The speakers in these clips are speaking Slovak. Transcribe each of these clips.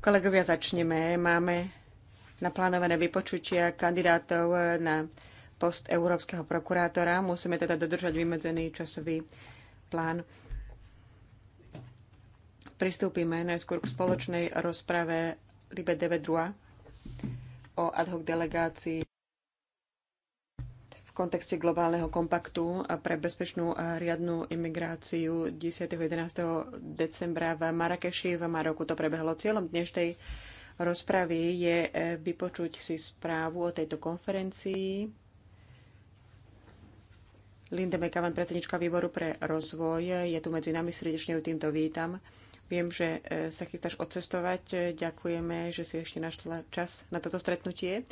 Kolegovia, začneme. Máme naplánované vypočutia kandidátov na post európskeho prokurátora. Musíme teda dodržať vymedzený časový plán. Pristúpime najskôr k spoločnej rozprave Libe 9.2 o ad hoc delegácii kontexte globálneho kompaktu pre bezpečnú a riadnu imigráciu 10. 11. decembra v Marrakeši v Maroku to prebehlo. Cieľom dnešnej rozpravy je e, vypočuť si správu o tejto konferencii. Linda McAvan, predsednička výboru pre rozvoj, je tu medzi nami, srdečne ju týmto vítam. Viem, že e, sa chystáš odcestovať. Ďakujeme, že si ešte našla čas na toto stretnutie.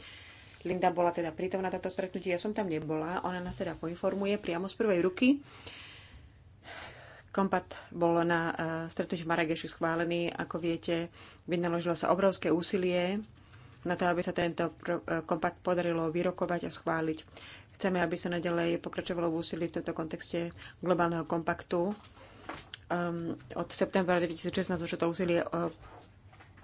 Linda bola teda prítomná na toto stretnutie, ja som tam nebola, ona nás teda poinformuje priamo z prvej ruky. Kompat bol na eh, stretnutí v Marrakešu schválený, ako viete, vynaložilo sa obrovské úsilie na to, aby sa tento eh, kompakt podarilo vyrokovať a schváliť. Chceme, aby sa nadalej pokračovalo v úsilí v tomto kontexte globálneho kompaktu. Um, od septembra 2016 už to úsilie uh,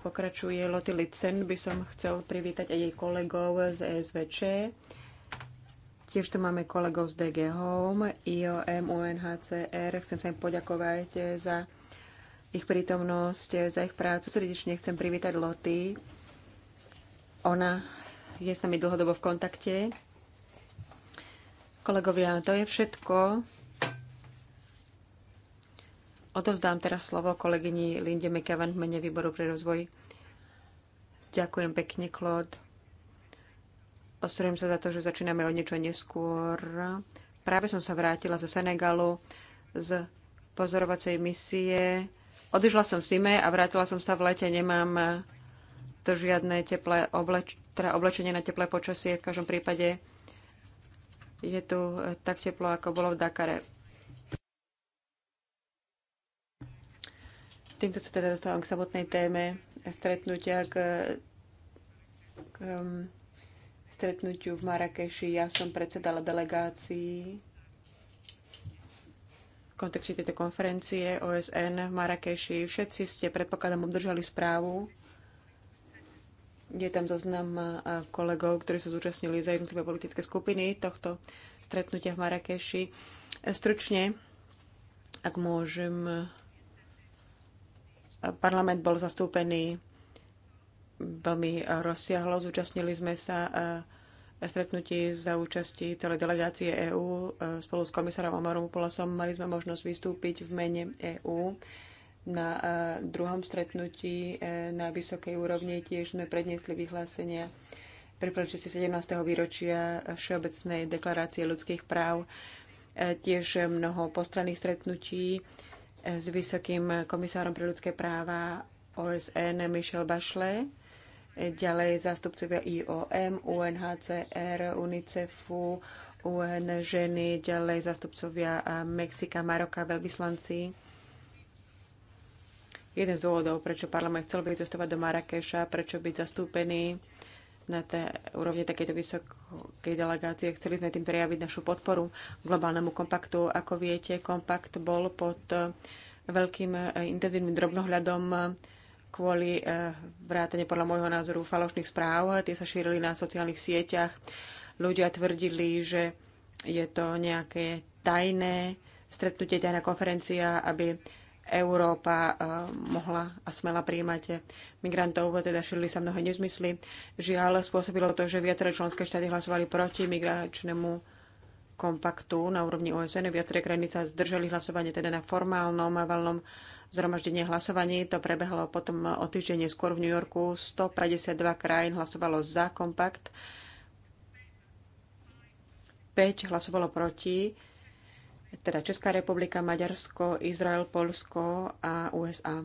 pokračuje Loty Cen, by som chcel privítať aj jej kolegov z ESVČ. Tiež tu máme kolegov z DG Home, IOM, UNHCR. Chcem sa im poďakovať za ich prítomnosť, za ich prácu. Srdečne chcem privítať Loty. Ona je s nami dlhodobo v kontakte. Kolegovia, to je všetko. Odovzdám teraz slovo kolegyni Linde McEwan v mene Výboru pre rozvoj. Ďakujem pekne, Claude. Ostrujem sa za to, že začíname o niečo neskôr. Práve som sa vrátila zo Senegalu z pozorovacej misie. Odišla som v zime a vrátila som sa v lete. Nemám to žiadne teplé obleč- teda oblečenie na teplé počasie. V každom prípade je tu tak teplo, ako bolo v Dakare. Týmto sa teda dostávam k samotnej téme stretnutia k, k um, stretnutiu v Marrakeši. Ja som predsedala delegácii v kontekste tejto konferencie OSN v Marrakeši. Všetci ste, predpokladám, obdržali správu. Je tam zoznam kolegov, ktorí sa zúčastnili za jednotlivé politické skupiny tohto stretnutia v Marrakeši. Stručne, ak môžem Parlament bol zastúpený veľmi rozsiahlo. Zúčastnili sme sa eh, stretnutí za účasti celej delegácie EÚ eh, spolu s komisárom Omarom Polasom. Mali sme možnosť vystúpiť v mene EÚ na eh, druhom stretnutí na vysokej úrovni. Tiež sme predniesli vyhlásenia pri príležitosti 17. výročia Všeobecnej deklarácie ľudských práv. Tiež mnoho postranných stretnutí s vysokým komisárom pre ľudské práva OSN Michel Bachelet, ďalej zástupcovia IOM, UNHCR, UNICEFu, UN ženy, ďalej zástupcovia Mexika, Maroka, veľvyslanci. Jeden z dôvodov, prečo parlament chcel byť cestovať do Marrakeša, prečo byť zastúpený na té úrovni takejto vysokej delegácie. Chceli sme tým prejaviť našu podporu globálnemu kompaktu. Ako viete, kompakt bol pod eh, veľkým eh, intenzívnym drobnohľadom eh, kvôli vrátane podľa môjho názoru falošných správ. Tie sa šírili na sociálnych sieťach. Ľudia tvrdili, že je to nejaké tajné stretnutie, tajná konferencia, aby Európa eh, mohla a smela príjmať migrantov, teda šírili sa mnohé nezmysly. Žiaľ, spôsobilo to, že viaceré členské štáty hlasovali proti migračnému kompaktu na úrovni OSN. Viaceré krajiny sa zdržali hlasovanie teda na formálnom a valnom zhromaždenie hlasovaní. To prebehlo potom o týždeň skôr v New Yorku. 152 krajín hlasovalo za kompakt, 5 hlasovalo proti teda Česká republika, Maďarsko, Izrael, Polsko a USA.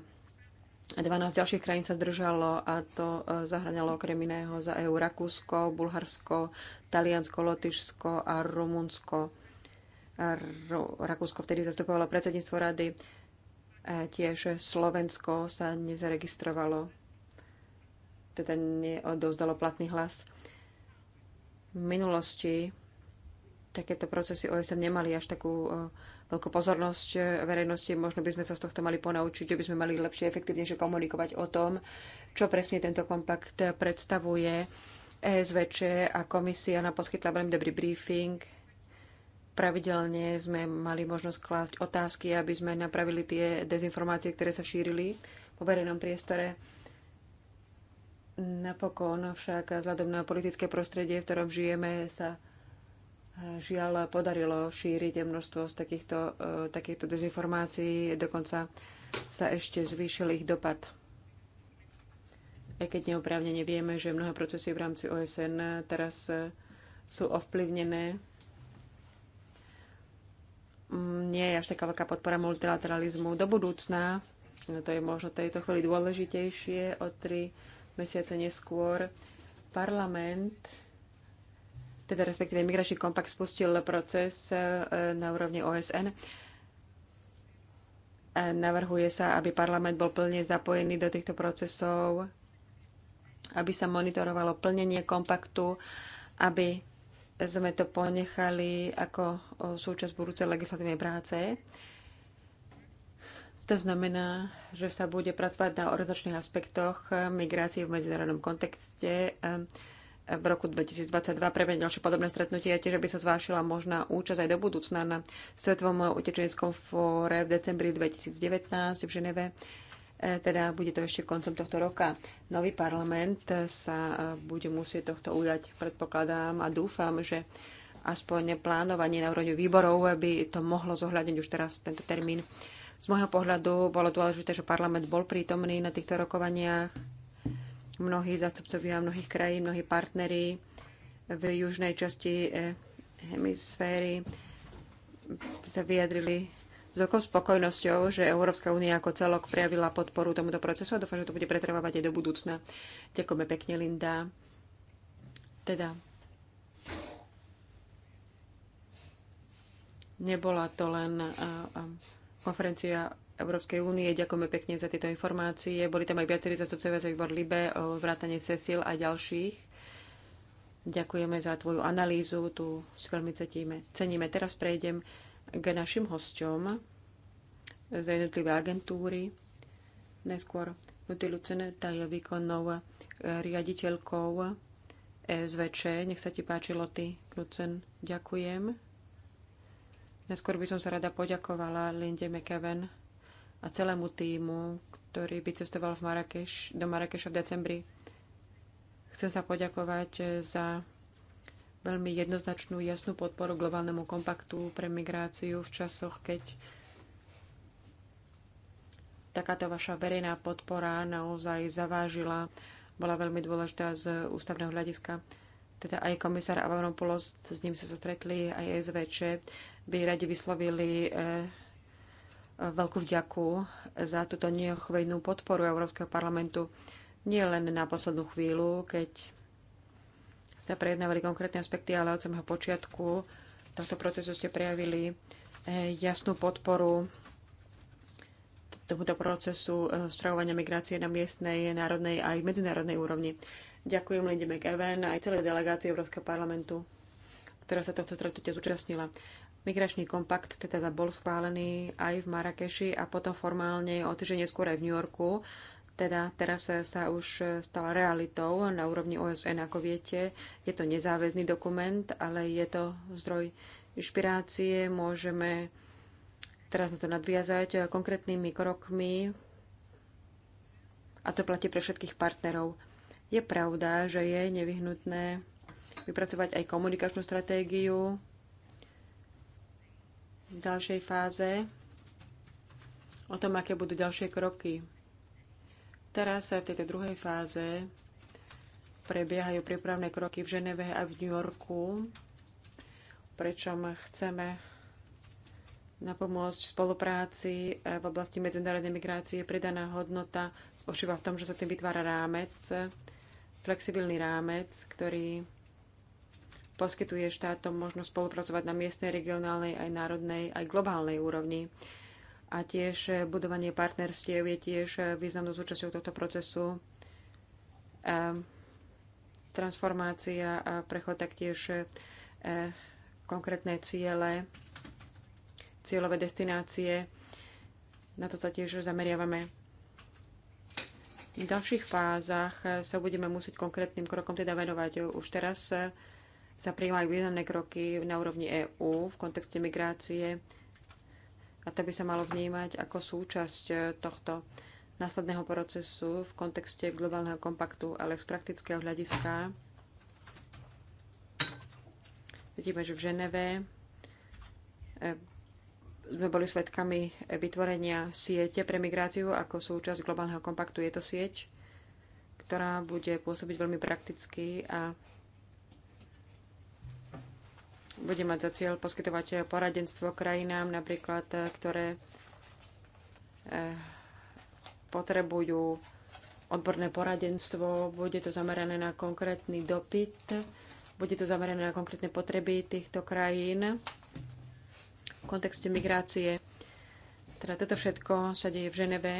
12 ďalších krajín sa zdržalo a to e, zahraňalo okrem iného za EU Rakúsko, Bulharsko, Taliansko, Lotyšsko a Rumunsko. Rakúsko vtedy zastupovalo predsedníctvo rady, e, tiež Slovensko sa nezaregistrovalo, teda neodozdalo platný hlas. V minulosti takéto procesy OSN nemali až takú e, veľkú pozornosť verejnosti. Možno by sme sa z tohto mali ponaučiť, že by sme mali lepšie, efektívnejšie komunikovať o tom, čo presne tento kompakt predstavuje. ESVČ a komisia nám poskytla veľmi dobrý briefing. Pravidelne sme mali možnosť klásť otázky, aby sme napravili tie dezinformácie, ktoré sa šírili po verejnom priestore. Napokon však vzhľadom na politické prostredie, v ktorom žijeme, sa žiaľ podarilo šíriť množstvo z takýchto, e, takýchto dezinformácií, dokonca sa ešte zvýšil ich dopad. Aj keď neoprávne nevieme, že mnohé procesy v rámci OSN teraz e, sú ovplyvnené. Mm, nie je až taká veľká podpora multilateralizmu. Do budúcna, no to je možno tejto chvíli dôležitejšie, o tri mesiace neskôr, parlament teda respektíve Migračný kompakt spustil proces e, na úrovni OSN. A navrhuje sa, aby parlament bol plne zapojený do týchto procesov, aby sa monitorovalo plnenie kompaktu, aby sme to ponechali ako súčasť budúcej legislatívnej práce. To znamená, že sa bude pracovať na organizačných aspektoch e, migrácie v medzinárodnom kontexte, e, v roku 2022 prebehne ďalšie podobné stretnutie tiež by sa zvášila možná účasť aj do budúcna na Svetovom utečeneckom fóre v decembri 2019 v Ženeve. E, teda bude to ešte koncom tohto roka. Nový parlament sa e, bude musieť tohto ujať, predpokladám a dúfam, že aspoň plánovanie na úrovni výborov by to mohlo zohľadniť už teraz tento termín. Z môjho pohľadu bolo dôležité, že parlament bol prítomný na týchto rokovaniach mnohí zástupcovia mnohých krajín, mnohí partnery v južnej časti eh, hemisféry sa vyjadrili s veľkou spokojnosťou, že Európska únia ako celok prejavila podporu tomuto procesu a dúfam, že to bude pretrvávať aj do budúcna. Ďakujeme pekne, Linda. Teda, nebola to len eh, eh, konferencia Európskej únie. Ďakujeme pekne za tieto informácie. Boli tam aj viacerí zastupcovia za výbor Libe, vrátane Cecil a ďalších. Ďakujeme za tvoju analýzu, tu si veľmi cetíme. ceníme. Teraz prejdem k našim hosťom z jednotlivé agentúry. Neskôr Nuty Lucene, tá je výkonnou eh, riaditeľkou SVČ. Nech sa ti páči, Loty Lucen. Ďakujem. Neskôr by som sa rada poďakovala Linde McEwen a celému týmu, ktorý by cestoval v Marrakeš, do Marrakeša v decembri. Chcem sa poďakovať za veľmi jednoznačnú, jasnú podporu globálnemu kompaktu pre migráciu v časoch, keď takáto vaša verejná podpora naozaj zavážila, bola veľmi dôležitá z ústavného hľadiska. Teda aj komisár Avramopoulos, s ním sa stretli, aj SVČ, by radi vyslovili eh, veľkú vďaku za túto neochvejnú podporu Európskeho parlamentu nie len na poslednú chvíľu, keď sa prejednávali konkrétne aspekty, ale od samého počiatku tohto procesu ste prejavili eh, jasnú podporu tomuto procesu eh, stravovania migrácie na miestnej, národnej a aj medzinárodnej úrovni. Ďakujem Linde McEwen aj celej delegácii Európskeho parlamentu, ktorá sa tohto stretnutia zúčastnila. Migračný kompakt teda bol schválený aj v Marrakeši a potom formálne o týždeň neskôr aj v New Yorku. Teda teraz sa už stala realitou na úrovni OSN, ako viete. Je to nezáväzný dokument, ale je to zdroj inšpirácie. Môžeme teraz na to nadviazať konkrétnymi krokmi a to platí pre všetkých partnerov. Je pravda, že je nevyhnutné vypracovať aj komunikačnú stratégiu, v ďalšej fáze o tom, aké budú ďalšie kroky. Teraz sa v tejto druhej fáze prebiehajú prípravné kroky v Ženeve a v New Yorku, prečom chceme na napomôcť spolupráci eh, v oblasti medzinárodnej migrácie. Pridaná hodnota spočíva v tom, že sa tým vytvára rámec, flexibilný rámec, ktorý poskytuje štátom možnosť spolupracovať na miestnej, regionálnej, aj národnej, aj globálnej úrovni. A tiež eh, budovanie partnerstiev je tiež eh, významnou súčasťou tohto procesu. Ehm, transformácia a prechod taktiež eh, konkrétne ciele, cieľové destinácie. Na to sa tiež zameriavame. V ďalších fázach sa budeme musieť konkrétnym krokom teda venovať. Už teraz sa prijímajú významné kroky na úrovni EÚ v kontexte migrácie a to by sa malo vnímať ako súčasť e, tohto následného procesu v kontexte globálneho kompaktu, ale z praktického hľadiska vidíme, že v Ženeve e, sme boli svedkami vytvorenia siete pre migráciu ako súčasť globálneho kompaktu. Je to sieť, ktorá bude pôsobiť veľmi prakticky a bude mať za cieľ poskytovať poradenstvo krajinám, napríklad, eh, ktoré eh, potrebujú odborné poradenstvo, bude to zamerané na konkrétny dopyt, bude to zamerané na konkrétne potreby týchto krajín v kontexte migrácie. Teda toto všetko sa deje v Ženeve.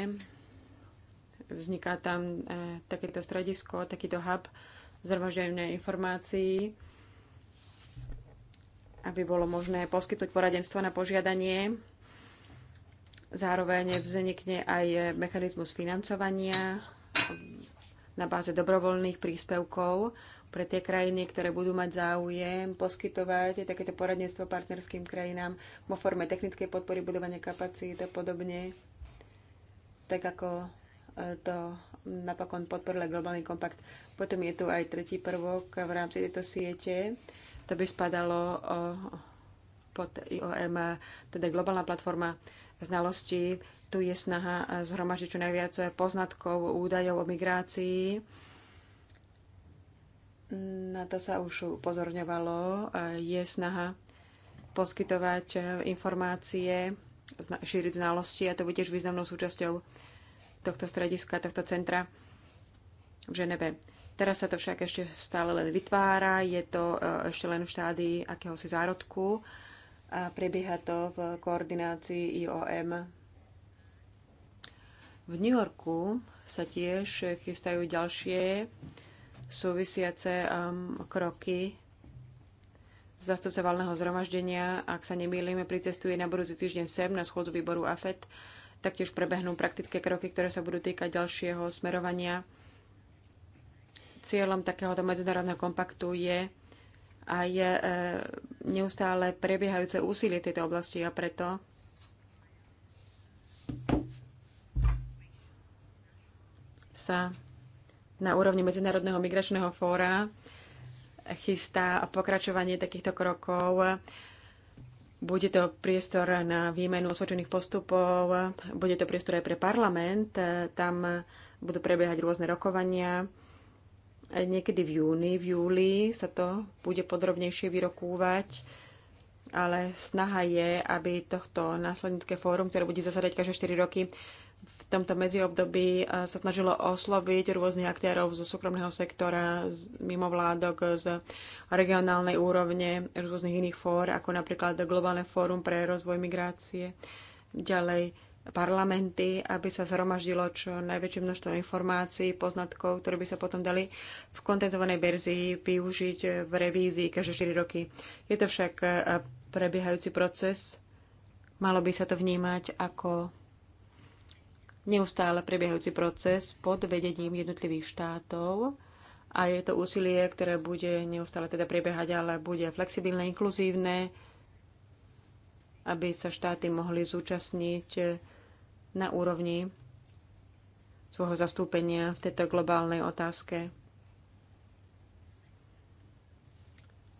Vzniká tam eh, takéto stredisko, takýto hub zhromažďovania informácií aby bolo možné poskytnúť poradenstvo na požiadanie. Zároveň vznikne aj mechanizmus financovania na báze dobrovoľných príspevkov pre tie krajiny, ktoré budú mať záujem poskytovať takéto poradenstvo partnerským krajinám vo forme technickej podpory budovania kapacít a podobne, tak ako e, to napokon podporil Globálny kompakt. Potom je tu aj tretí prvok v rámci tejto siete, to by spadalo pod IOM, teda globálna platforma znalostí. Tu je snaha zhromažiť čo najviac poznatkov, údajov o migrácii. Na to sa už upozorňovalo. Je snaha poskytovať informácie, šíriť znalosti a to bude tiež významnou súčasťou tohto strediska, tohto centra v Ženeve. Teraz sa to však ešte stále len vytvára, je to e, ešte len v štádii akéhosi zárodku a prebieha to v koordinácii IOM. V New Yorku sa tiež chystajú ďalšie súvisiace kroky zástupca valného zhromaždenia, ak sa nemýlime, pricestuje na budúci týždeň sem na schôdzu výboru AFET. Taktiež prebehnú praktické kroky, ktoré sa budú týkať ďalšieho smerovania Cieľom takéhoto medzinárodného kompaktu je aj e, neustále prebiehajúce úsilie tejto oblasti a preto sa na úrovni Medzinárodného migračného fóra chystá pokračovanie takýchto krokov. Bude to priestor na výmenu osvedčených postupov, bude to priestor aj pre parlament, e, tam budú prebiehať rôzne rokovania Niekedy v júni, v júli sa to bude podrobnejšie vyrokúvať, ale snaha je, aby tohto následnické fórum, ktoré bude zasadať každé 4 roky, v tomto medziobdobí e, sa snažilo osloviť rôznych aktérov zo súkromného sektora, z mimovládok, z regionálnej úrovne, rôznych iných fór, ako napríklad Globálne fórum pre rozvoj migrácie. Ďalej parlamenty, aby sa zhromaždilo čo najväčšie množstvo informácií, poznatkov, ktoré by sa potom dali v kontenzovanej verzii využiť v revízii každé 4 roky. Je to však eh, prebiehajúci proces. Malo by sa to vnímať ako neustále prebiehajúci proces pod vedením jednotlivých štátov a je to úsilie, ktoré bude neustále teda prebiehať, ale bude flexibilné, inkluzívne, aby sa štáty mohli zúčastniť eh, na úrovni svojho zastúpenia v tejto globálnej otázke.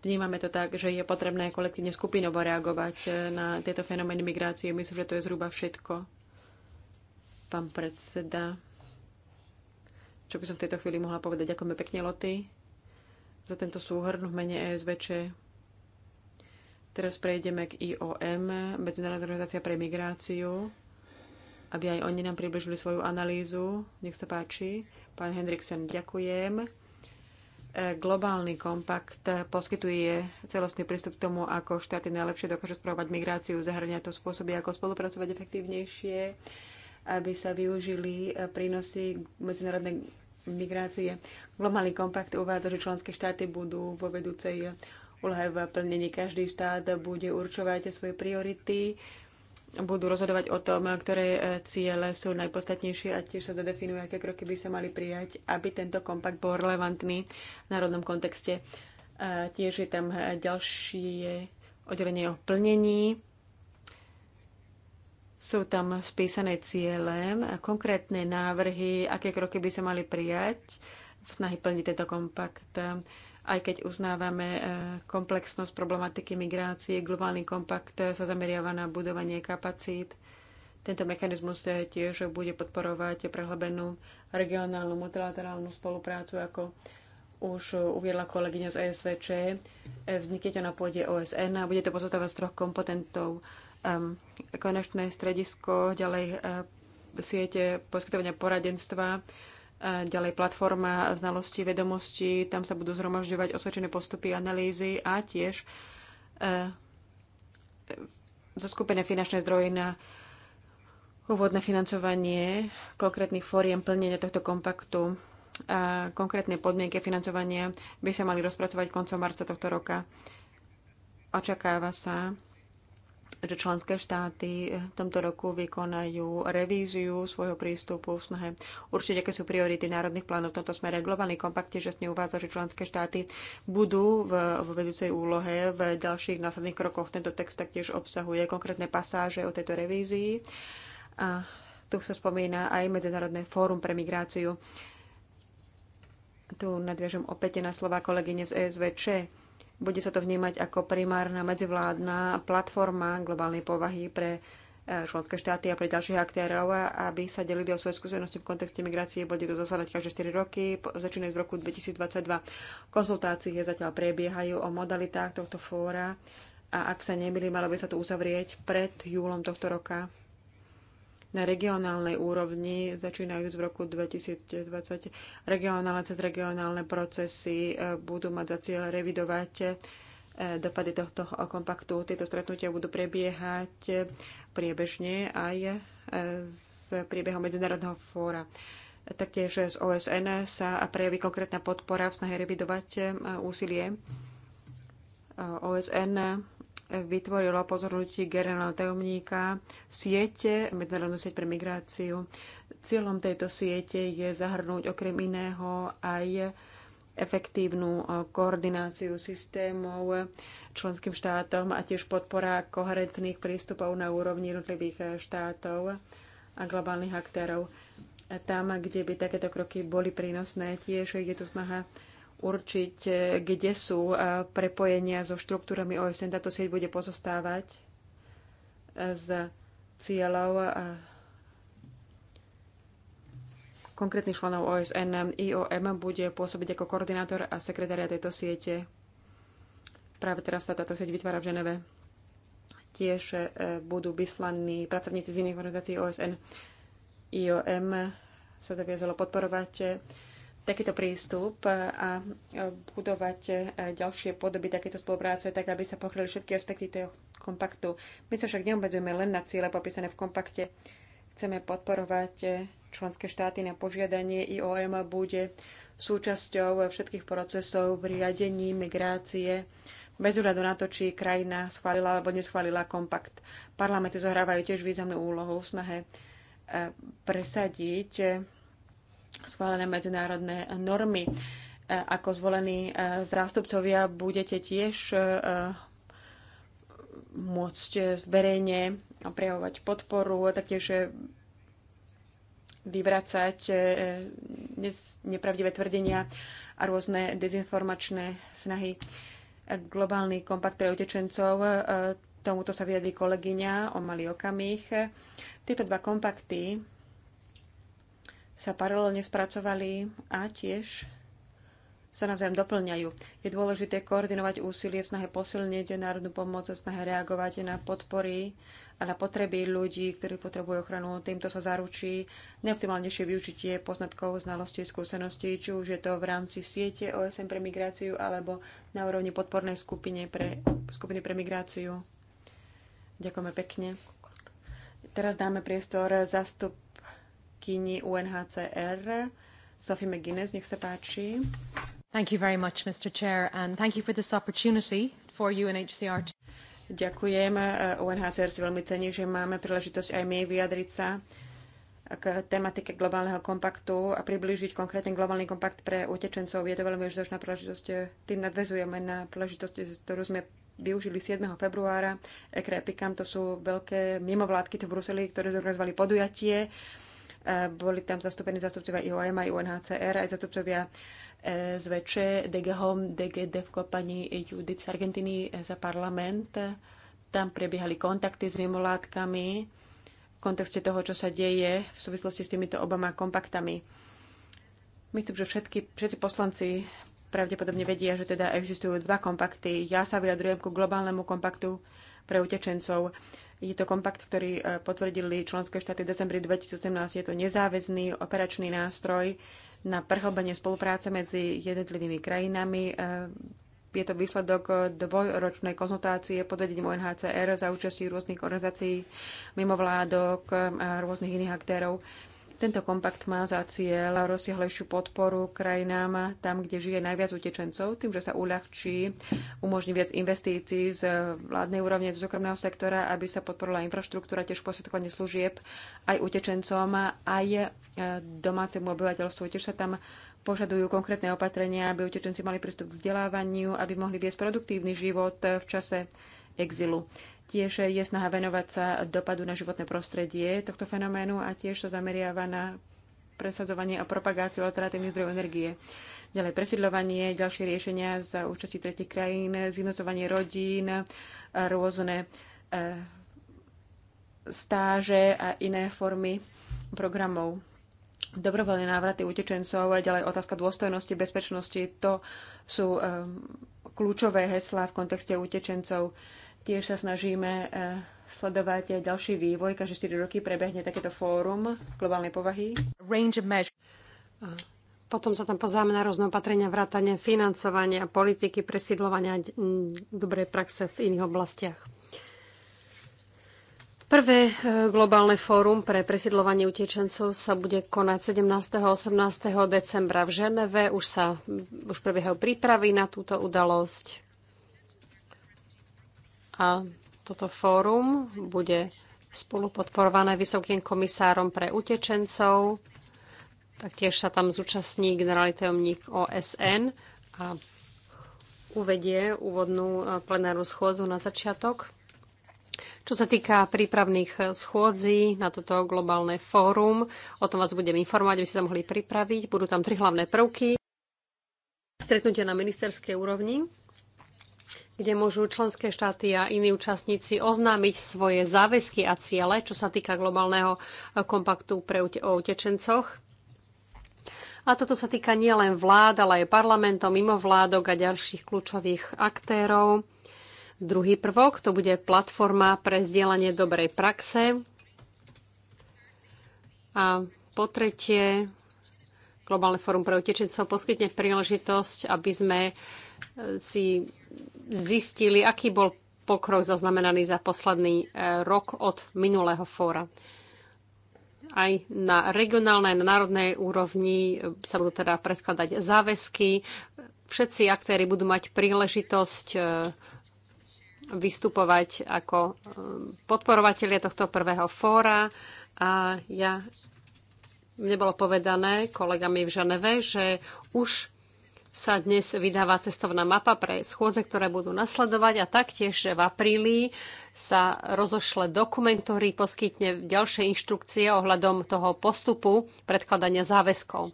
Vnímame to tak, že je potrebné kolektívne skupinovo reagovať eh, na tieto fenomény migrácie. Myslím, že to je zhruba všetko. Pán predseda, čo by som v tejto chvíli mohla povedať? Ďakujeme pekne, Loty, za tento súhrn v mene ESVČ. Teraz prejdeme k IOM, Medzinárodná organizácia pre migráciu, aby aj oni nám približili svoju analýzu. Nech sa páči. Pán Hendriksen, ďakujem. E, globálny kompakt poskytuje celostný prístup k tomu, ako štáty najlepšie dokážu spravovať migráciu, zahrania to spôsoby, ako spolupracovať efektívnejšie, aby sa využili e, prínosy medzinárodnej migrácie. Globálny kompakt uvádza, že členské štáty budú vo vedúcej úloha v plnení. Každý štát bude určovať svoje priority, budú rozhodovať o tom, ktoré e, ciele sú najpodstatnejšie a tiež sa zadefinujú, aké kroky by sa mali prijať, aby tento kompakt bol relevantný v národnom kontexte. E, tiež je tam e, ďalšie oddelenie o plnení. Sú tam spísané ciele, konkrétne návrhy, aké kroky by sa mali prijať v snahy plniť tento kompakt aj keď uznávame e, komplexnosť problematiky migrácie, globálny kompakt e, sa zameriava na budovanie kapacít. Tento mechanizmus e, tiež bude podporovať prehlbenú regionálnu multilaterálnu spoluprácu, ako už uviedla kolegyňa z ESVČ. Vznikne to na pôde OSN a bude to pozostávať z troch kompetentov. konečné stredisko, ďalej siete poskytovania poradenstva, ďalej platforma znalostí, vedomostí, tam sa budú zhromažďovať osvedčené postupy, analýzy a tiež e, e, zaskupené finančné zdroje na úvodné financovanie konkrétnych fóriem plnenia tohto kompaktu. A konkrétne podmienky financovania by sa mali rozpracovať koncom marca tohto roka. Očakáva sa, že členské štáty v tomto roku vykonajú revíziu svojho prístupu v snahe určite, aké sú priority národných plánov v tomto smere. Globálny kompakt tiež jasne uvádza, že členské štáty budú v, v vedúcej úlohe v ďalších následných krokoch. Tento text taktiež obsahuje konkrétne pasáže o tejto revízii. A tu sa spomína aj Medzinárodné fórum pre migráciu. Tu nadviažem opäť na slova kolegyne z ESVČ bude sa to vnímať ako primárna medzivládna platforma globálnej povahy pre e, členské štáty a pre ďalších aktérov, aby sa delili o svoje skúsenosti v kontexte migrácie. Bude to zasadať každé 4 roky, začínajú v roku 2022. Konzultácie zatiaľ prebiehajú o modalitách tohto fóra a ak sa nemili, malo by sa to uzavrieť pred júlom tohto roka na regionálnej úrovni, začínajúc v roku 2020. Regionálne cez regionálne procesy e, budú mať za cieľ revidovať e, dopady tohto kompaktu. Tieto stretnutia budú prebiehať e, priebežne aj s priebehom Medzinárodného fóra. Taktiež z OSN sa prejaví konkrétna podpora v snahe revidovať úsilie OSN vytvorilo pozornutí generálneho tajomníka siete, medzinárodnú sieť pre migráciu. Cieľom tejto siete je zahrnúť okrem iného aj efektívnu eh, koordináciu systémov členským štátom a tiež podpora koherentných prístupov na úrovni jednotlivých eh, štátov a globálnych aktérov. Tam, kde by takéto kroky boli prínosné, tiež je tu snaha určiť, e, kde sú e, prepojenia so štruktúrami OSN. Táto sieť bude pozostávať e, z cieľov konkrétnych členov OSN. IOM bude pôsobiť ako koordinátor a sekretária tejto siete. Práve teraz sa táto sieť vytvára v Ženeve. Tiež budú vyslaní pracovníci z iných organizácií OSN. IOM sa zaviazalo podporovať takýto prístup a budovať e, ďalšie podoby takéto spolupráce, tak aby sa pokryli všetky aspekty toho kompaktu. My sa však neobmedzujeme len na ciele popísané v kompakte. Chceme podporovať e, členské štáty na požiadanie IOM bude súčasťou všetkých procesov v riadení migrácie bez úradu na to, či krajina schválila alebo neschválila kompakt. Parlamenty zohrávajú tiež významnú úlohu v snahe e, presadiť schválené medzinárodné normy. E, ako zvolení e, zástupcovia budete tiež e, môcť verejne prejavovať podporu, taktiež vyvracať nepravdivé tvrdenia a rôzne dezinformačné snahy. Globálny kompakt pre utečencov, tomuto sa vyjadrí kolegyňa o malý okamih. Tieto dva kompakty sa paralelne spracovali a tiež sa navzájom doplňajú. Je dôležité koordinovať úsilie v snahe posilniť národnú pomoc, v snahe reagovať na podpory a na potreby ľudí, ktorí potrebujú ochranu. Týmto sa zaručí neoptimálnejšie využitie poznatkov, znalostí, skúseností, či už je to v rámci siete OSM pre migráciu alebo na úrovni podpornej skupiny pre, skupiny pre migráciu. Ďakujeme pekne. Teraz dáme priestor zastup kyni UNHCR. Sophie McGuinness, nech sa páči. Thank you very much, Mr. Chair, and thank you for this opportunity for UNHCR. Ďakujem. Eh, UNHCR si veľmi cení, že máme príležitosť aj my vyjadriť sa k tematike globálneho kompaktu a priblížiť konkrétny globálny kompakt pre utečencov. Je to veľmi užitočná príležitosť. Eh, tým nadvezujeme na príležitosť, ktorú sme využili 7. februára. Ekre Pikam, to sú veľké mimovládky tu v Bruseli, ktoré zorganizovali podujatie boli tam zastúpení zastupcovia IOM a UNHCR, aj zastupcovia e, z VČ, DG Home, DG Devko, pani Judith z Argentiny e, za parlament. Tam prebiehali kontakty s mimolátkami v kontexte toho, čo sa deje v súvislosti s týmito obama kompaktami. Myslím, že všetky, všetci poslanci pravdepodobne vedia, že teda existujú dva kompakty. Ja sa vyjadrujem ku globálnemu kompaktu pre utečencov. Je to kompakt, ktorý e, potvrdili členské štáty v decembri 2017. Je to nezáväzný operačný nástroj na prehlbenie spolupráce medzi jednotlivými krajinami. E, je to výsledok dvojročnej konzultácie pod vedením UNHCR za účasti rôznych organizácií, mimovládok e, a rôznych iných aktérov. Tento kompakt má za cieľ rozsiahlejšiu podporu krajinám tam, kde žije najviac utečencov, tým, že sa uľahčí, umožní viac investícií z vládnej úrovne, z súkromného sektora, aby sa podporila infraštruktúra, tiež posvetkovanie služieb aj utečencom, aj e, domácemu obyvateľstvu. Tiež sa tam požadujú konkrétne opatrenia, aby utečenci mali prístup k vzdelávaniu, aby mohli viesť produktívny život v čase exilu. Tiež je snaha venovať sa dopadu na životné prostredie tohto fenoménu a tiež sa zameriava na presadzovanie a propagáciu alternatívnych zdrojov energie. Ďalej presidľovanie, ďalšie riešenia za účasti tretich krajín, zjednocovanie rodín, rôzne eh, stáže a iné formy programov. Dobrovoľné návraty utečencov a ďalej otázka dôstojnosti, bezpečnosti, to sú eh, kľúčové heslá v kontexte utečencov. Tiež sa snažíme e, sledovať ďalší vývoj. Každé 4 roky prebehne takéto fórum globálnej povahy. Range of Potom sa tam pozrieme na rôzne opatrenia vrátane financovania, politiky, presídlovania dobrej praxe v iných oblastiach. Prvé e, globálne fórum pre presidlovanie utečencov sa bude konať 17. a 18. decembra v Ženeve. Už, sa, už prebiehajú prípravy na túto udalosť. A toto fórum bude spolupodporované vysokým komisárom pre utečencov. Taktiež sa tam zúčastní generálny OSN a uvedie úvodnú e, plenárnu schôdzu na začiatok. Čo sa týka prípravných schôdzí na toto globálne fórum, o tom vás budem informovať, aby ste sa mohli pripraviť. Budú tam tri hlavné prvky. Stretnutie na ministerskej úrovni, kde môžu členské štáty a iní účastníci oznámiť svoje záväzky a ciele, čo sa týka globálneho kompaktu pre o utečencoch. A toto sa týka nielen vlád, ale aj parlamentov, mimovládok a ďalších kľúčových aktérov. Druhý prvok to bude platforma pre zdieľanie dobrej praxe. A po tretie, Globálne fórum pre utečencov poskytne príležitosť, aby sme e, si zistili, aký bol pokrok zaznamenaný za posledný e, rok od minulého fóra. Aj na regionálnej, na národnej úrovni e, sa budú teda predkladať záväzky. Všetci aktéry budú mať príležitosť vystupovať ako podporovatelia tohto prvého fóra a ja nebolo povedané kolegami v Ženeve, že už sa dnes vydáva cestovná mapa pre schôdze, ktoré budú nasledovať a taktiež, že v apríli sa rozošle dokument, ktorý poskytne ďalšie inštrukcie ohľadom toho postupu predkladania záväzkov.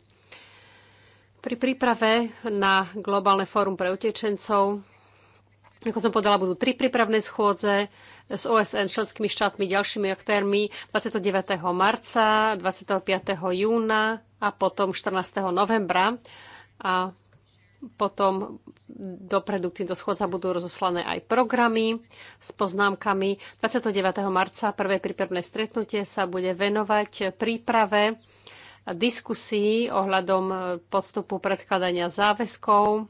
Pri príprave na globálne fórum pre utečencov ako som povedala, budú tri prípravné schôdze s OSN, členskými štátmi, ďalšími aktérmi 29. marca, 25. júna a potom 14. novembra. A potom dopredu k týmto schôdzam budú rozoslané aj programy s poznámkami. 29. marca prvé prípravné stretnutie sa bude venovať príprave diskusí ohľadom podstupu predkladania záväzkov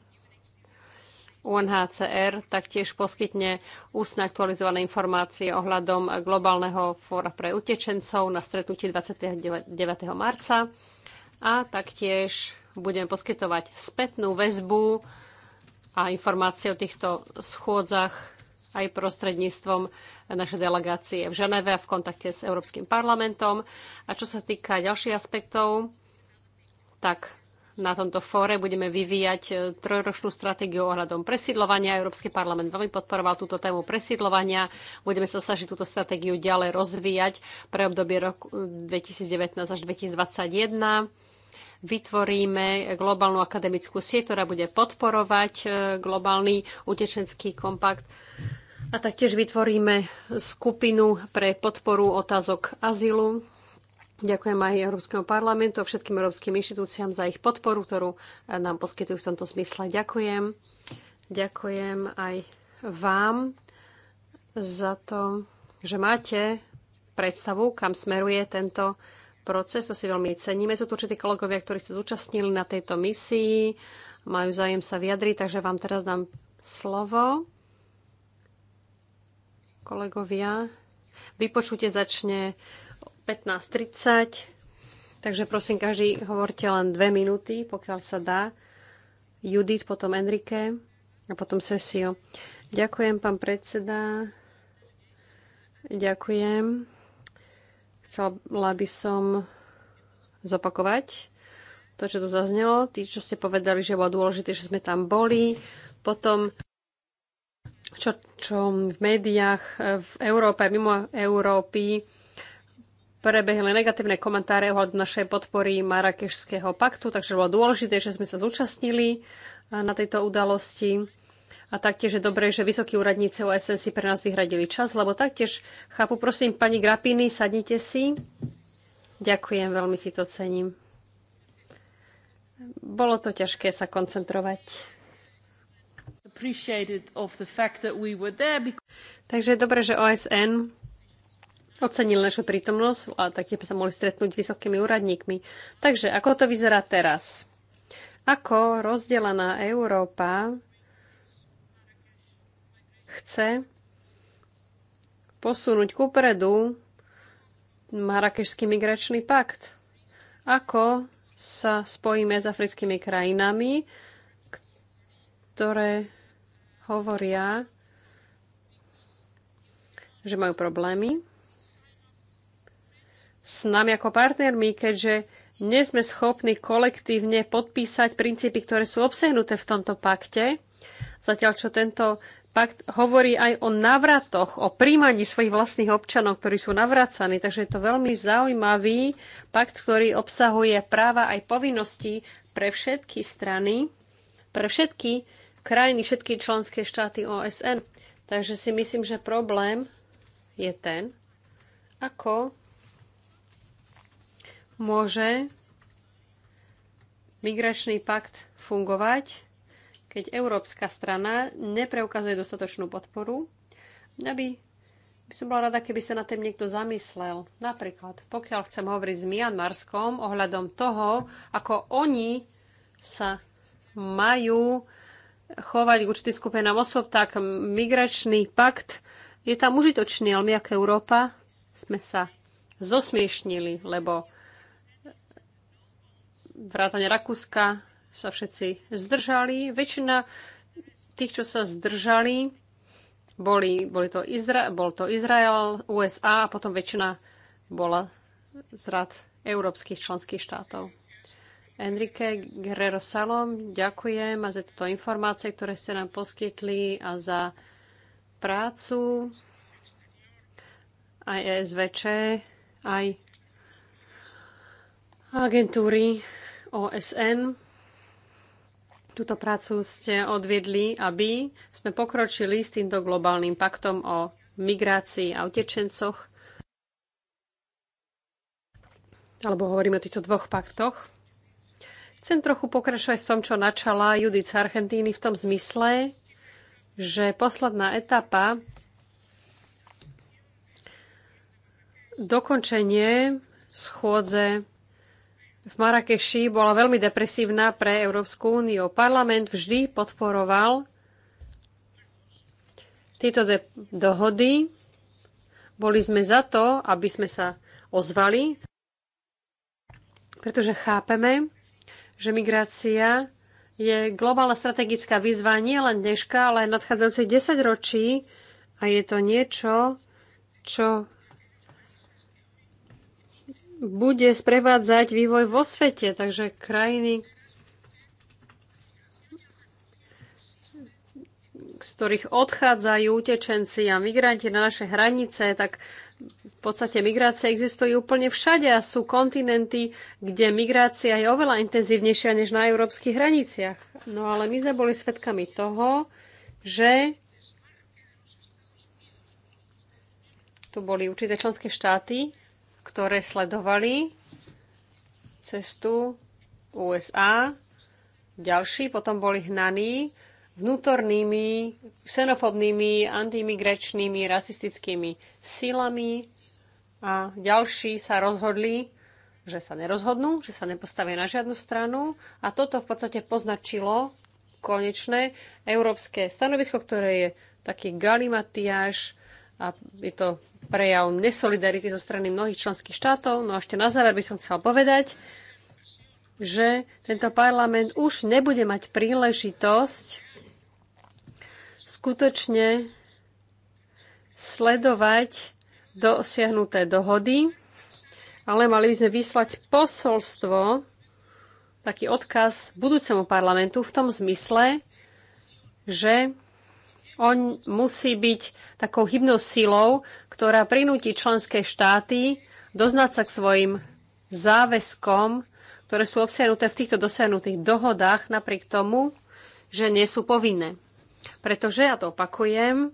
UNHCR taktiež poskytne ústne aktualizované informácie ohľadom globálneho fóra pre utečencov na stretnutí 29. marca a taktiež budeme poskytovať spätnú väzbu a informácie o týchto schôdzach aj prostredníctvom našej delegácie v Ženeve a v kontakte s Európskym parlamentom. A čo sa týka ďalších aspektov, tak na tomto fóre budeme vyvíjať e, trojročnú stratégiu ohľadom presídlovania. Európsky parlament veľmi podporoval túto tému presídlovania. Budeme sa snažiť túto stratégiu ďalej rozvíjať pre obdobie roku 2019 e, až 2021 vytvoríme globálnu akademickú sieť, ktorá bude podporovať e, globálny utečenský kompakt. A taktiež vytvoríme skupinu pre podporu otázok azylu. Ďakujem aj Európskemu parlamentu a všetkým európskym inštitúciám za ich podporu, ktorú eh, nám poskytujú v tomto smysle. Ďakujem. Ďakujem aj vám za to, že máte predstavu, kam smeruje tento proces. To si veľmi ceníme. Sú tu určití kolegovia, ktorí sa zúčastnili na tejto misii, majú zájem sa vyjadriť, takže vám teraz dám slovo. Kolegovia, vypočutie začne 15.30. Takže prosím, každý hovorte len dve minúty, pokiaľ sa dá. Judith, potom Enrique a potom Cecil. Ďakujem, pán predseda. Ďakujem. Chcela by som zopakovať to, čo tu zaznelo. Tí, čo ste povedali, že bolo dôležité, že sme tam boli. Potom čo, čo v médiách v Európe, mimo Európy prebehli negatívne komentáre ohľadom našej podpory Marrakešského paktu, takže bolo dôležité, že sme sa zúčastnili eh, na tejto udalosti. A taktiež je dobré, že vysokí úradníci OSN si pre nás vyhradili čas, lebo taktiež chápu, prosím, pani Grapiny, sadnite si. Ďakujem, veľmi si to cením. Bolo to ťažké sa koncentrovať. We there, because... Takže je dobré, že OSN ocenili našu prítomnosť a taktiež sa mohli stretnúť s vysokými úradníkmi. Takže ako to vyzerá teraz? Ako rozdelená Európa chce posunúť kupredu Marakešský migračný pakt? Ako sa spojíme s africkými krajinami, ktoré hovoria, že majú problémy s nami ako partnermi, keďže nie sme schopní kolektívne podpísať princípy, ktoré sú obsahnuté v tomto pakte. Zatiaľ, čo tento pakt hovorí aj o navratoch, o príjmaní svojich vlastných občanov, ktorí sú navracaní. Takže je to veľmi zaujímavý pakt, ktorý obsahuje práva aj povinnosti pre všetky strany, pre všetky krajiny, všetky členské štáty OSN. Takže si myslím, že problém je ten, ako môže migračný pakt fungovať, keď európska strana nepreukazuje dostatočnú podporu. aby by, by som bola rada, keby sa na tým niekto zamyslel. Napríklad, pokiaľ chcem hovoriť s Mianmarskom ohľadom toho, ako oni sa majú chovať k určitým skupinám osob, tak migračný pakt je tam užitočný, ale my ako Európa sme sa zosmiešnili, lebo vrátane Rakúska sa všetci zdržali. Väčšina tých, čo sa zdržali, boli, boli to Izra- bol to Izrael, USA a potom väčšina bola z rad európskych členských štátov. Enrique Guerrero Salom, ďakujem a za tieto informácie, ktoré ste nám poskytli a za prácu aj ESVČ, aj agentúry OSN. Túto prácu ste odviedli, aby sme pokročili s týmto globálnym paktom o migrácii a utečencoch. Alebo hovoríme o týchto dvoch paktoch. Chcem trochu pokračovať v tom, čo načala Judith Argentíny v tom zmysle, že posledná etapa dokončenie schôdze v Marrakeši bola veľmi depresívna pre Európsku úniu. Parlament vždy podporoval tieto dohody. Boli sme za to, aby sme sa ozvali, pretože chápeme, že migrácia je globálna strategická výzva nie len dneška, ale aj nadchádzajúcej 10 ročí a je to niečo, čo bude sprevádzať vývoj vo svete, takže krajiny, z ktorých odchádzajú utečenci a migranti na naše hranice, tak v podstate migrácie existujú úplne všade a sú kontinenty, kde migrácia je oveľa intenzívnejšia než na európskych hraniciach. No ale my sme boli svedkami toho, že tu boli určité členské štáty, ktoré sledovali cestu USA. Ďalší potom boli hnaní vnútornými, xenofobnými, antimigračnými, rasistickými silami a ďalší sa rozhodli, že sa nerozhodnú, že sa nepostavia na žiadnu stranu a toto v podstate poznačilo konečné európske stanovisko, ktoré je taký galimatiaž a je to prejav nesolidarity zo strany mnohých členských štátov. No a ešte na záver by som chcela povedať, že tento parlament už nebude mať príležitosť skutočne sledovať dosiahnuté dohody, ale mali by sme vyslať posolstvo, taký odkaz budúcemu parlamentu v tom zmysle, že on musí byť takou hybnou silou, ktorá prinúti členské štáty doznať sa k svojim záväzkom, ktoré sú obsiahnuté v týchto dosiahnutých dohodách, napriek tomu, že nie sú povinné. Pretože, ja to opakujem,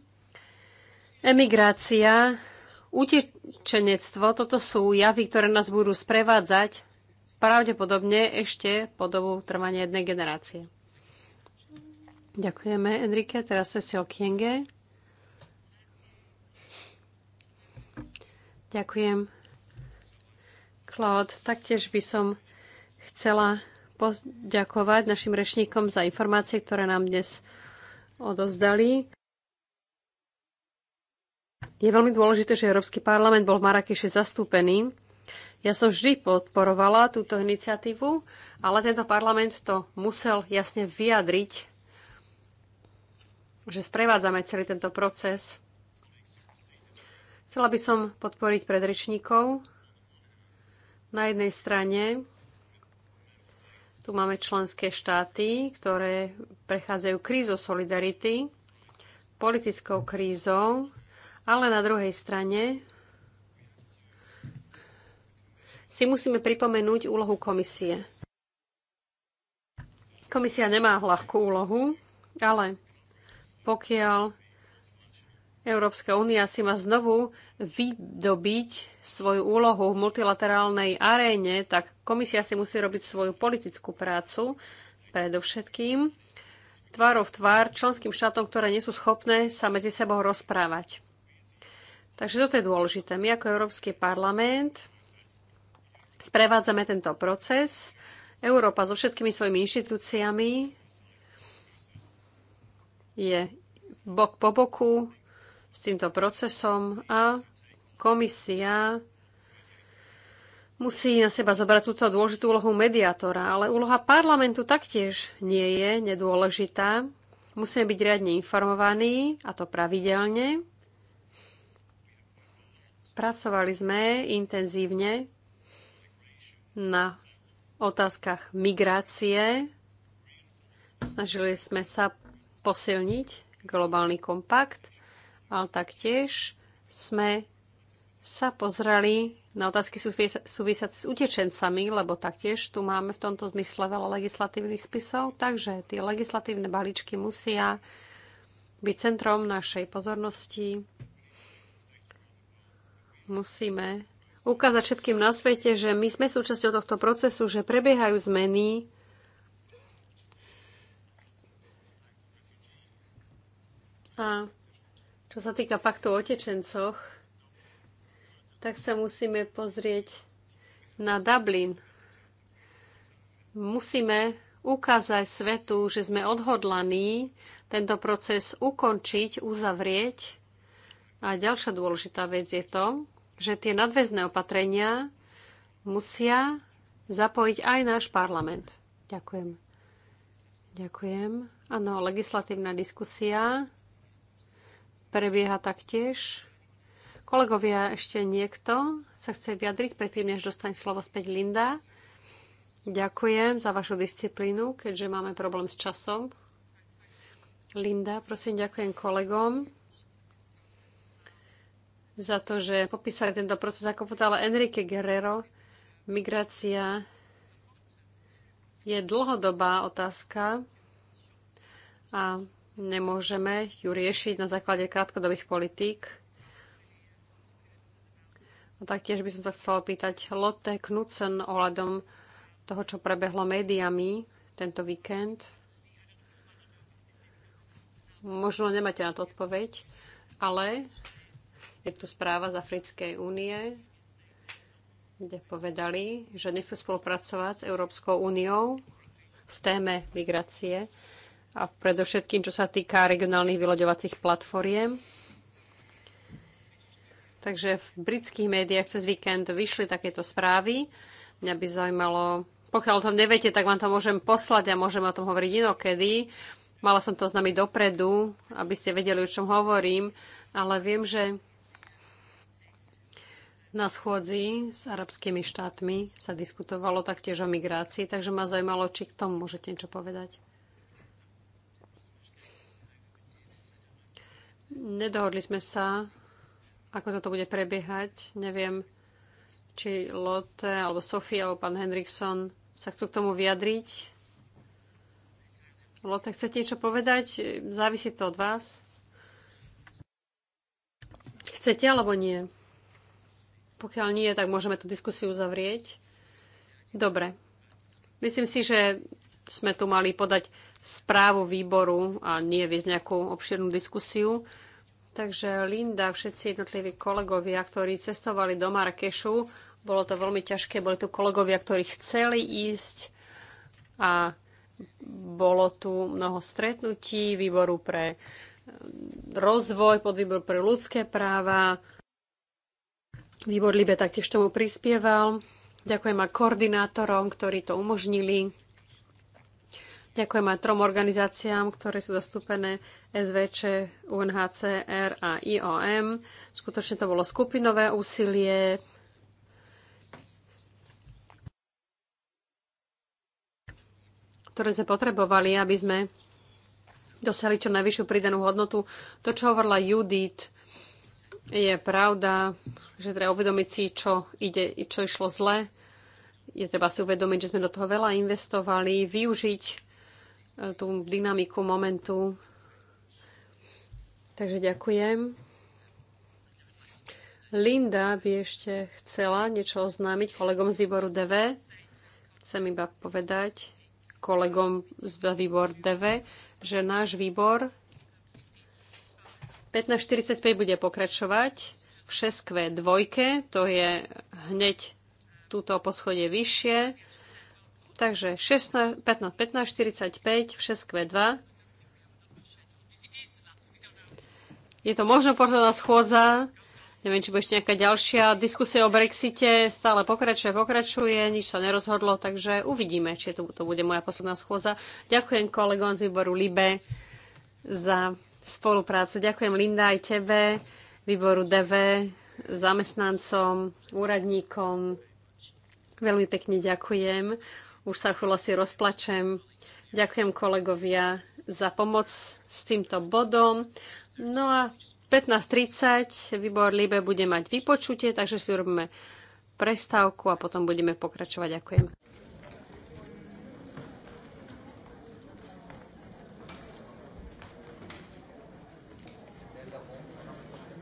emigrácia, utečenectvo, toto sú javy, ktoré nás budú sprevádzať pravdepodobne ešte po dobu trvania jednej generácie. Ďakujeme, Enrique. Teraz Cecil Kienge. Ďakujem. Claude, taktiež by som chcela poďakovať našim rečníkom za informácie, ktoré nám dnes odozdali. Je veľmi dôležité, že Európsky parlament bol v Marrakeši zastúpený. Ja som vždy podporovala túto iniciatívu, ale tento parlament to musel jasne vyjadriť že sprevádzame celý tento proces. Chcela by som podporiť predrečníkov. Na jednej strane tu máme členské štáty, ktoré prechádzajú krízou solidarity, politickou krízou, ale na druhej strane si musíme pripomenúť úlohu komisie. Komisia nemá ľahkú úlohu, ale pokiaľ Európska únia si má znovu vydobiť svoju úlohu v multilaterálnej aréne, tak komisia si musí robiť svoju politickú prácu predovšetkým tvárov tvár členským štátom, ktoré nie sú schopné sa medzi sebou rozprávať. Takže toto je dôležité. My ako Európsky parlament sprevádzame tento proces. Európa so všetkými svojimi inštitúciami je bok po boku s týmto procesom a komisia musí na seba zobrať túto dôležitú úlohu mediátora, ale úloha parlamentu taktiež nie je nedôležitá. Musíme byť riadne informovaní, a to pravidelne. Pracovali sme intenzívne na otázkach migrácie. Snažili sme sa posilniť globálny kompakt, ale taktiež sme sa pozreli na otázky súvisiace s utečencami, lebo taktiež tu máme v tomto zmysle veľa legislatívnych spisov, takže tie legislatívne balíčky musia byť centrom našej pozornosti. Musíme ukázať všetkým na svete, že my sme súčasťou tohto procesu, že prebiehajú zmeny A čo sa týka paktu o tečencoch, tak sa musíme pozrieť na Dublin. Musíme ukázať svetu, že sme odhodlaní tento proces ukončiť, uzavrieť. A ďalšia dôležitá vec je to, že tie nadväzné opatrenia musia zapojiť aj náš parlament. Ďakujem. Ďakujem. Áno, legislatívna diskusia prebieha taktiež. Kolegovia, ešte niekto sa chce vyjadriť, predtým než dostane slovo späť Linda. Ďakujem za vašu disciplínu, keďže máme problém s časom. Linda, prosím, ďakujem kolegom za to, že popísali tento proces, ako povedala Enrique Guerrero. Migrácia je dlhodobá otázka a Nemôžeme ju riešiť na základe krátkodobých politík. A taktiež by som sa chcela pýtať Lotte Knudsen ohľadom toho, čo prebehlo médiami tento víkend. Možno nemáte na to odpoveď, ale je tu správa z Africkej únie, kde povedali, že nechcú spolupracovať s Európskou úniou v téme migrácie a predovšetkým, čo sa týka regionálnych vyloďovacích platformiem. Takže v britských médiách cez víkend vyšli takéto správy. Mňa by zaujímalo, pokiaľ o tom neviete, tak vám to môžem poslať a môžeme o tom hovoriť inokedy. Mala som to oznámiť dopredu, aby ste vedeli, o čom hovorím, ale viem, že na schôdzi s arabskými štátmi sa diskutovalo taktiež o migrácii, takže ma zaujímalo, či k tomu môžete niečo povedať. Nedohodli sme sa, ako sa to bude prebiehať. Neviem, či Lotte, alebo Sofia, alebo pán Henriksson sa chcú k tomu vyjadriť. Lotte, chcete niečo povedať? Závisí to od vás. Chcete alebo nie? Pokiaľ nie, tak môžeme tú diskusiu zavrieť. Dobre. Myslím si, že sme tu mali podať správu výboru a nie viesť nejakú obširnú diskusiu. Takže Linda, všetci jednotliví kolegovia, ktorí cestovali do Marrakešu, bolo to veľmi ťažké, boli tu kolegovia, ktorí chceli ísť a bolo tu mnoho stretnutí výboru pre eh, rozvoj, podvýbor pre ľudské práva. Výbor Libe taktiež tomu prispieval. Ďakujem a koordinátorom, ktorí to umožnili. Ďakujem aj trom organizáciám, ktoré sú zastúpené SVČ, UNHCR a IOM. Skutočne to bolo skupinové úsilie. ktoré sme potrebovali, aby sme dosiahli čo najvyššiu pridanú hodnotu. To, čo hovorila Judith, je pravda, že treba uvedomiť si, čo, ide, čo išlo zle. Je treba si uvedomiť, že sme do toho veľa investovali, využiť E, tú dynamiku momentu. Takže ďakujem. Linda by ešte chcela niečo oznámiť kolegom z výboru DV. Chcem iba povedať kolegom z výboru DV, že náš výbor 15.45 bude pokračovať v 6 2, to je hneď túto poschodie vyššie. Takže 16, 15, 15, 45, 6 2 Je to možno posledná schôdza. Neviem, či bude ešte nejaká ďalšia. Diskusia o Brexite stále pokračuje, pokračuje, nič sa nerozhodlo, takže uvidíme, či to, to bude moja posledná schôdza. Ďakujem kolegom z výboru LIBE za spoluprácu. Ďakujem Linda aj tebe, výboru DV, zamestnancom, úradníkom. Veľmi pekne ďakujem už sa chvíľa si rozplačem. Ďakujem kolegovia za pomoc s týmto bodom. No a 15.30 výbor Libe bude mať vypočutie, takže si urobíme prestávku a potom budeme pokračovať. Ďakujem.